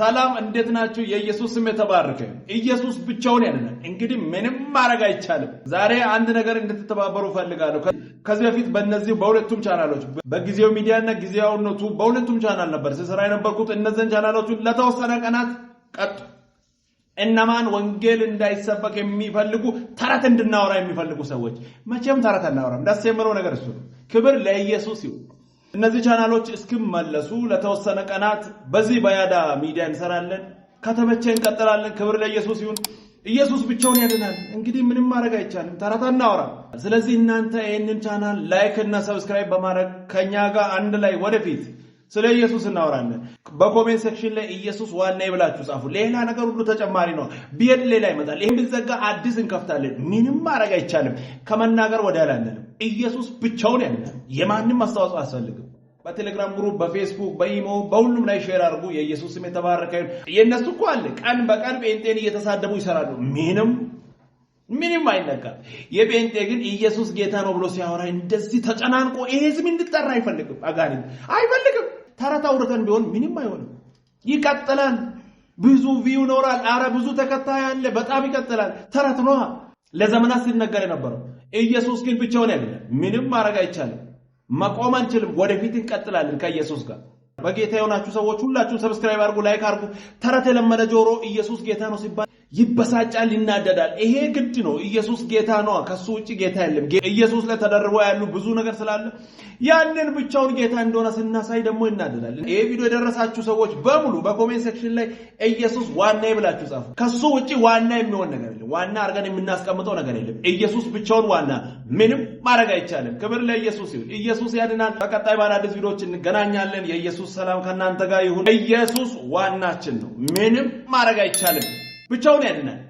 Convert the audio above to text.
ሰላም እንዴት ናችሁ? የኢየሱስ ስም የተባረከ። ኢየሱስ ብቻውን ያድናል። እንግዲህ ምንም ማድረግ አይቻልም። ዛሬ አንድ ነገር እንድትተባበሩ ፈልጋለሁ። ከዚህ በፊት በእነዚህ በሁለቱም ቻናሎች በጊዜው ሚዲያና ጊዜው አውነቱ በሁለቱም ቻናል ነበር ስስራ የነበርኩት። እነዚህን ቻናሎቹን ለተወሰነ ቀናት ቀጡ። እነማን ወንጌል እንዳይሰበክ የሚፈልጉ ተረት እንድናወራ የሚፈልጉ ሰዎች፣ መቼም ተረት አናወራም። ደስ የምለው ነገር እሱ ነው። ክብር ለኢየሱስ ይሁን። እነዚህ ቻናሎች እስክመለሱ ለተወሰነ ቀናት በዚህ በያዳ ሚዲያ እንሰራለን። ከተመቸ እንቀጥላለን። ክብር ለኢየሱስ ይሁን። ኢየሱስ ብቻውን ያድናል። እንግዲህ ምንም ማድረግ አይቻልም። ተረት እናወራ። ስለዚህ እናንተ ይህንን ቻናል ላይክ እና ሰብስክራይብ በማድረግ ከእኛ ጋር አንድ ላይ ወደፊት ስለ ኢየሱስ እናወራለን። በኮሜንት ሴክሽን ላይ ኢየሱስ ዋና ይብላችሁ ጻፉ። ሌላ ነገር ሁሉ ተጨማሪ ነው። ቢሄድ ሌላ ይመጣል። ይህን ብንዘጋ አዲስ እንከፍታለን። ምንም ማድረግ አይቻልም። ከመናገር ወደ ላለንም ኢየሱስ ብቻውን ያለ የማንም አስተዋጽኦ አያስፈልግም። በቴሌግራም ግሩፕ፣ በፌስቡክ፣ በኢሞ በሁሉም ላይ ሼር አድርጉ። የኢየሱስ ስም የተባረከ የእነሱ እኮ አለ ቀን በቀን ጴንጤን እየተሳደቡ ይሰራሉ። ምንም ምንም አይነካም። የጴንጤ ግን ኢየሱስ ጌታ ነው ብሎ ሲያወራ እንደዚህ ተጨናንቆ ይሄ ስም እንድጠራ አይፈልግም። አጋንንት አይፈልግም። ተረት አውርተን ቢሆን ምንም አይሆንም። ይቀጥላል። ብዙ ቪው ይኖራል። አረ ብዙ ተከታይ አለ። በጣም ይቀጥላል። ተረት ነው ለዘመናት ሲነገር የነበረው። ኢየሱስ ግን ብቻውን ያለ ምንም ማድረግ አይቻልም። መቆም አንችልም። ወደፊት እንቀጥላለን ከኢየሱስ ጋር። በጌታ የሆናችሁ ሰዎች ሁላችሁም ሰብስክራይብ አድርጉ፣ ላይክ አድርጉ። ተረት የለመደ ጆሮ ኢየሱስ ጌታ ነው ሲባል ይበሳጫል፣ ይናደዳል። ይሄ ግድ ነው። ኢየሱስ ጌታ ነው። ከሱ ውጭ ጌታ የለም። ኢየሱስ ላይ ተደርበ ያሉ ብዙ ነገር ስላለ ያንን ብቻውን ጌታ እንደሆነ ስናሳይ ደግሞ ይናደዳል። ይሄ ቪዲዮ የደረሳችሁ ሰዎች በሙሉ በኮሜንት ሴክሽን ላይ ኢየሱስ ዋና ብላችሁ ጻፉ። ከሱ ውጭ ዋና የሚሆን ነገር የለም። ዋና አድርገን የምናስቀምጠው ነገር የለም። ኢየሱስ ብቻውን ዋና፣ ምንም ማድረግ አይቻልም። ክብር ለኢየሱስ ይሁን። ኢየሱስ ያድናል። በቀጣይ በአዳዲስ ቪዲዮዎች እንገናኛለን። የኢየሱስ ሰላም ከእናንተ ጋር ይሁን። ኢየሱስ ዋናችን ነው። ምንም ማድረግ አይቻልም። 不交的呢。